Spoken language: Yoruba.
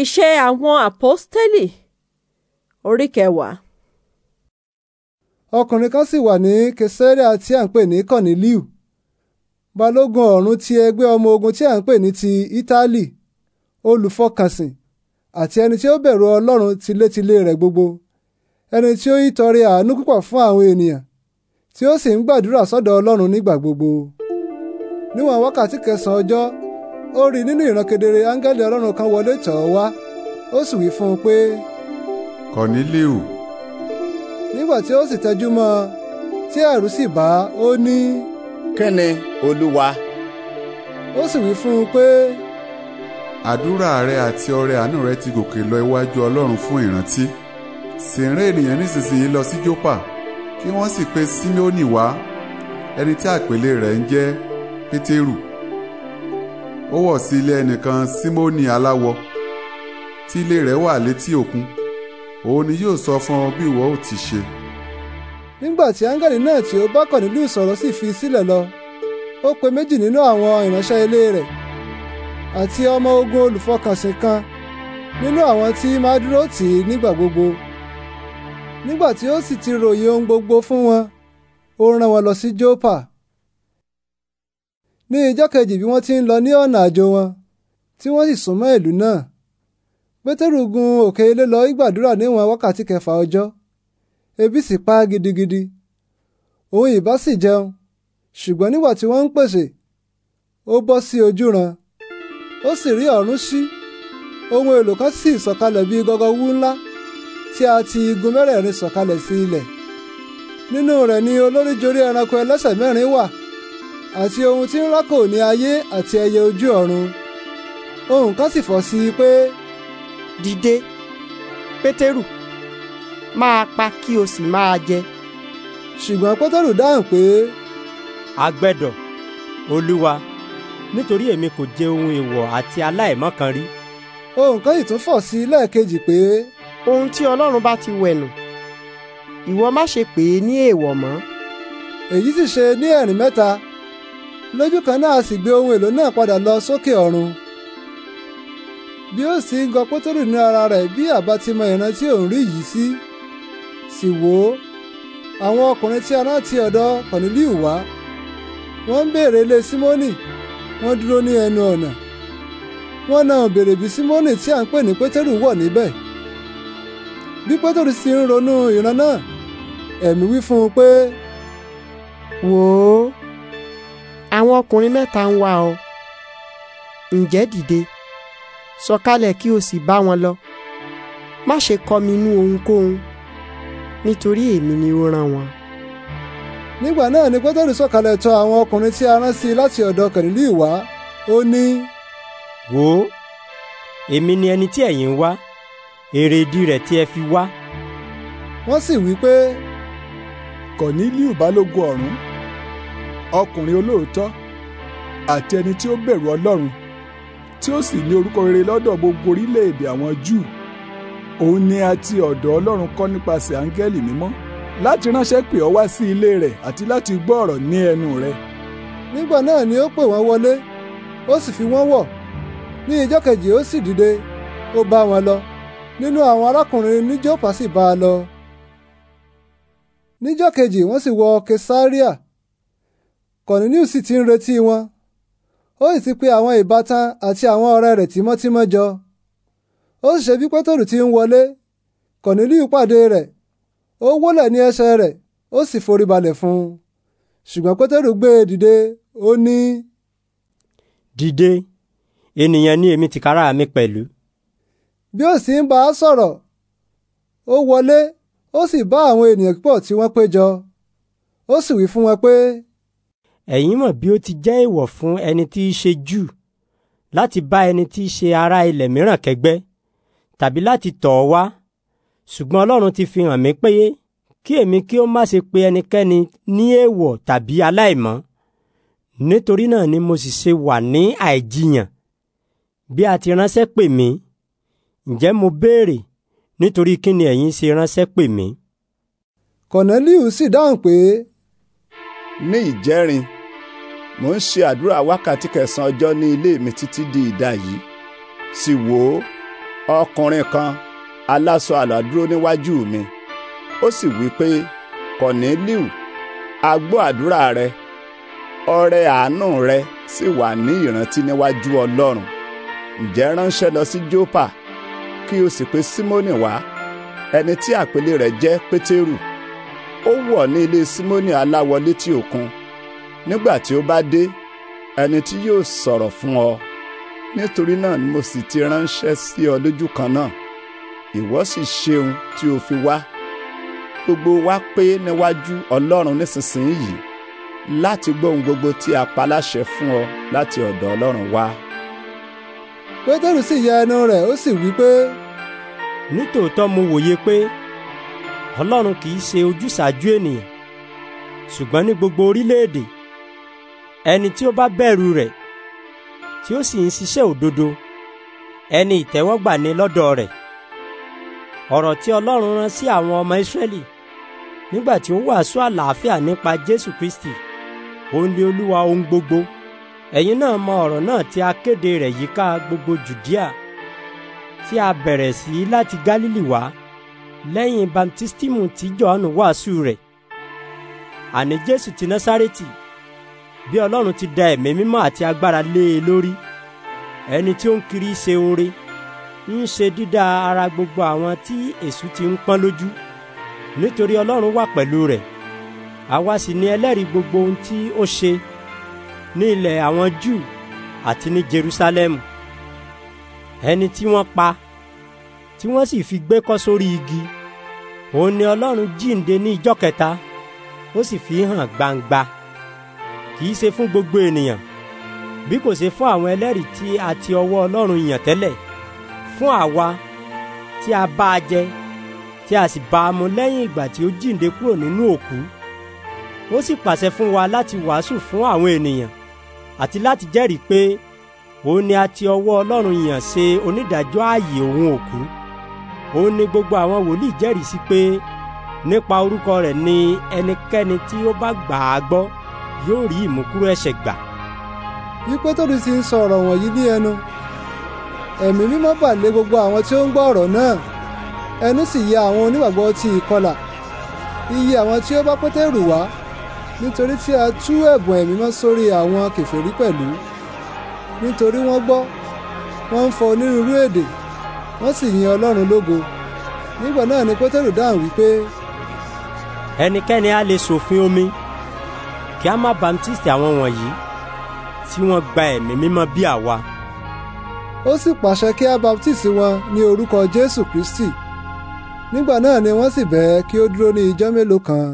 Iṣẹ́ àwọn Àpọ́stélì orí kẹwàá. Ọkùnrin kan sì wà ní Kesarea tí à ń pè ní Kọ̀nílíù, balógun ọ̀rún ti ẹgbẹ́ ọmọ ogun tí à ń pè ní ti Ítálì, olùfọkànsìn àti ẹni tí ó bẹ̀rù Ọlọ́run tilétilé rẹ̀ gbogbo, ẹni tí ó ń tọrẹ àánú púpọ̀ fún àwọn ènìyàn, tí ó sì ń gbàdúrà sọ́dọ̀ Ọlọ́run nígbà gbogbo. Níwọ̀n wákàtí kẹsàn-án ọjọ́ ó rí nínú ìran kedere áńgẹ́lì ọlọ́run kan wọlé tọ̀ ọ́ wá ó sì wí fún un pé. Kọ̀nílíù. nígbà tí ó sì tẹjú mọ́ ọ tí ẹ̀rù sì bà ó ní. kí ni olúwa. ó sì wí fún un pé. àdúrà rẹ àti ọrẹ àánú rẹ ti gòkè lọ iwájú ọlọ́run fún ìrántí sì ń rán ènìyàn nísinsìnyí lọ sí jópa kí wọ́n sì pe símíónì wá ẹni tí àpèlé rẹ̀ ń jẹ́ pétérù ó wọ̀ sí ilé ẹnìkan símónì aláwọ tí ilé rẹ̀ wà létí òkun òun ni yóò sọ fún ọ bí ìwọ ò ti ṣe. nígbà tí áńgẹ́lì náà tí ó bá kọ̀ nílùú ìsọ̀rọ̀ sì fi sílẹ̀ lọ ó pe méjì nínú àwọn ìránṣẹ́ ilé rẹ̀ àti ọmọ ogun olùfọkànsìn kan nínú àwọn tí máa dúró tì í nígbà gbogbo nígbà tí ó sì ti ròyìn ohun gbogbo fún wọn ó rán wọn lọ sí Jópa ní ijọ́ kejì bí wọ́n ti ń lọ ní ọ̀nà àjò wọn tí wọ́n sì súnmọ́ ìlú náà pétérù gun òkè ilé lọ gbàdúrà níwọ̀n wákàtí kẹfà ọjọ́ ebi sì pa á gidigidi òun ìbá sì jẹun ṣùgbọ́n nígbà tí wọ́n ń pèsè ó bọ́ sí ojúran ó sì rí ọ̀run ṣí ohun èlò kan sì sọ̀kalẹ̀ bíi gọgọwú ńlá tí a ti igun mẹ́rẹ̀ẹ̀rin sọ̀kalẹ̀ sí ilẹ̀ nínú rẹ̀ ni olóríjorí ẹranko ẹlẹ́sẹ̀ mẹ́rin wà àti ohun tí ń rákò ní ayé àti ẹyẹ ojú ọ̀run ohùn kan sì fọ̀ sí i pé. dìde pétérù máa pa kí o sì máa jẹ. ṣùgbọ́n pétérù dáhùn pé. agbẹ́dọ̀ olúwa nítorí èmi kò jẹ ohun èèwọ̀ àti aláìmọ́ kan rí. ohùn kan sì tún fọ̀ sí i lẹ́ẹ̀kejì pé. ohun tí ọlọ́run bá ti wẹ̀nù ìwọ má ṣe pè é ní èèwọ̀ mọ́. èyí sì ṣe ní ẹ̀rín mẹ́ta lójú kan náà a sì gbé ohun èlò náà padà lọ sókè ọ̀run bí ó sì ń gọ pétérù ní ara rẹ̀ bí àbá ti mọ ìran tí òun rí yìí sí sì wò ó àwọn ọkùnrin tí a rán ti ọ̀dọ̀ kọ̀nílíù wá wọ́n ń béèrè ilé simoni, wọ́n dúró ní ẹnu ọ̀nà wọ́n náà béèrè bí simoni tí à ń pè ní pétérù wọ̀ níbẹ̀ bí pétérù sì ń ronú ìran náà ẹ̀mí wí fún un pé wò ó. àwọn ọkùnrin mẹ́ta ń wá ọ ǹjẹ́ dìde sọ̀kalẹ̀ kí o sì bá wọn lọ má ṣe kọminú ohunkóhun nítorí èmi ni ó rán wọn. nígbà náà ni pétérì sọ̀kalẹ̀ tọ̀ àwọn ọkùnrin tí a rán sí i láti ọ̀dọ̀ kẹ̀lílì wá ó ní. wò èmi ni ẹni tí ẹ̀yin ń wá èrèdí rẹ̀ tí ẹ fi wá. wọ́n sì wí pé kọ̀nílì balógun ọ̀run ọkùnrin olóòótọ́ àti ẹni tí ó bẹ̀rù ọlọ́run tí ó sì ní orúkọ rere lọ́dọ̀ gbogbo orílẹ̀-èdè àwọn júù òun ni a ti ọ̀dọ̀ ọlọ́run kọ́ nípasẹ̀ áńgẹ́lì mímọ́ láti ránṣẹ́ pè ọ́ wá sí ilé rẹ̀ àti láti gbọ́ ọ̀rọ̀ ní ẹnu rẹ̀. nígbà náà ni ó pè wọ́n wọlé ó sì fi wọ́n wọ̀ ní ijọ́ kejì ó sì dìde ó bá wọn lọ nínú àwọn arákùnrin ní Jópa sì bá a lọ. níjọ́ kejì wọ́n sì wọ Kesaria Cornelius sì ti ń retí wọn ó sì ti pe àwọn ìbátan àti àwọn ọ̀rẹ́ rẹ̀ tímọ́tímọ́ jọ ó sì ṣe bí pétérù ti ń wọlé Cornelius pàdé rẹ̀ ó wólẹ̀ ní ẹsẹ̀ rẹ̀ ó sì foríbalẹ̀ fún un ṣùgbọ́n pétérù gbé e dìde ó ní. dìde ènìyàn ni èmi tìkára mi pẹ̀lú. bí ó sì ń bá a sọ̀rọ̀ ó wọlé ó sì bá àwọn ènìyàn púpọ̀ tí wọ́n péjọ ó sì wí fún wọn pé ẹ̀yin mọ̀ bí ó ti jẹ́ èèwọ̀ fún ẹni tí í ṣe Júù láti bá ẹni tí í ṣe ará ilẹ̀ mìíràn kẹgbẹ́ tàbí láti tọ̀ ọ́ wá ṣùgbọ́n Ọlọ́run ti fi hàn mí pé kí èmi kí ó má ṣe pe ẹnikẹ́ni ní èèwọ̀ tàbí aláìmọ́ nítorí náà ni mo sì ṣe wà ní àìjiyàn bí a ti ránṣẹ́ pè mí ǹjẹ́ mo béèrè nítorí kí ni ẹ̀yin ṣe ránṣẹ́ pè mí. Kọ̀nẹ́líù sì dáhùn pé ní ìjẹrin mò ń ṣe àdúrà wákàtí kẹsàn-án ọjọ́ ní ilé mi títí di ìdajì sì wò ó ọkùnrin kan aláṣọ àlà dúró níwájú mi ó sì wí pé Kọ̀nílíù a gbọ́ àdúrà rẹ ọrẹ àánú rẹ sì wà ní ìrántí níwájú Ọlọ́run ǹjẹ́ ránṣẹ́ lọ sí Jópa kí o sì pe Símónì wá ẹni tí àpèlé rẹ̀ jẹ́ Pétérù ó wọ̀ ní ilé simoni aláwọlétí òkun nígbà tí ó bá dé ẹni tí yóò sọ̀rọ̀ fún ọ nítorí náà ni mo sì ti ránṣẹ́ sí ọ lójú kan náà ìwọ sì ṣeun tí o fi wá gbogbo wa pé níwájú ọlọ́run nísinsìnyí láti gbọ́ gbogbo tí a pa láṣẹ fún ọ láti ọ̀dọ̀ ọlọ́run wá. pétérù sì ya ẹnu rẹ̀ ó sì wí pé. nítòótọ́ mo wòye pé. Pe ọlọ́run kì í ṣe ojúsàájú ènìyàn ṣùgbọ́n ní gbogbo orílẹ̀-èdè ẹni tí ó bá bẹ̀rù rẹ̀ tí ó sì ń ṣiṣẹ́ òdodo ẹni ìtẹ́wọ́gbà ni lọ́dọ̀ rẹ̀ ọ̀rọ̀ tí ọlọ́run rán sí àwọn ọmọ Ísírẹ́lì nígbà tí ó wàásù àlàáfíà nípa Jésù Kristi òun ni olúwa ohun gbogbo ẹ̀yin náà mọ ọ̀rọ̀ náà tí a kéde rẹ̀ yíká gbogbo Jùdíà tí a bẹ̀rẹ̀ sí láti Gálílì wá lẹ́yìn baptistimu tí Jòhánù wàásù rẹ̀ àní Jésù ti nasareti, bí Ọlọ́run ti da ẹ̀mí mímọ́ àti agbára lé e lórí ẹni tí ó ń kiri ṣe oore ń ṣe dídá ara gbogbo àwọn tí èṣù ti ń pọ́n lójú nítorí Ọlọ́run wà pẹ̀lú rẹ̀ àwa sì ni ẹlẹ́rìí gbogbo ohun tí ó ṣe ní ilẹ̀ àwọn Júù àti ní Jerusalem ẹni tí wọ́n pa tí wọ́n sì fi gbé kọ́ sórí igi òun ni Ọlọ́run jíǹde ní ijọ́ kẹta ó sì fi hàn gbangba kì í ṣe fún gbogbo ènìyàn bí kò ṣe fún àwọn ẹlẹ́rìí tí a ti ọwọ́ Ọlọ́run yàn tẹ́lẹ̀ fún àwa tí a bá a jẹ tí a sì bá a mu lẹ́yìn ìgbà tí ó jíǹde kúrò nínú òkú ó sì pàṣẹ fún wa láti wàásù fún àwọn ènìyàn àti láti jẹ́rìí pé òun ni a ti ọwọ́ Ọlọ́run yàn ṣe onídàájọ́ ààyè òun òkú òun ni gbogbo àwọn wòlíì jẹ́rìí sí pé nípa orúkọ rẹ̀ ni ẹnikẹ́ni tí ó bá gbà á gbọ́ yóò rí ìmúkúrò ẹ̀ṣẹ̀ gbà. bí pétérù ti ń sọ ọ̀rọ̀ wọ̀nyí ní ẹnu ẹ̀mí mímọ́ bà lé gbogbo àwọn tí ó ń gbọ́ ọ̀rọ̀ náà ẹnu sì yẹ àwọn onígbàgbọ́ ti ìkọlà iye àwọn tí ó bá pétérù wá nítorí tí a tú ẹ̀bùn ẹ̀mí mọ́ sórí àwọn kèfèrí pẹ̀lú nítorí wọ́n gbọ́ wọ́n ń fọ onírúurú èdè wọ́n sì yin ọlọ́run lógo nígbà náà ni pétérù dáhùn wípé. ẹnikẹ́ni a lè ṣòfin omi kí a má bamtísì àwọn wọ̀nyí tí wọ́n gba ẹ̀mí mímọ́ bí àwa. ó sì pàṣẹ kí a bamtísì wọn ní orúkọ jésù kristi nígbà náà ni wọ́n sì bẹ̀ẹ́ kí ó dúró ní ijọ́ mélòó kan.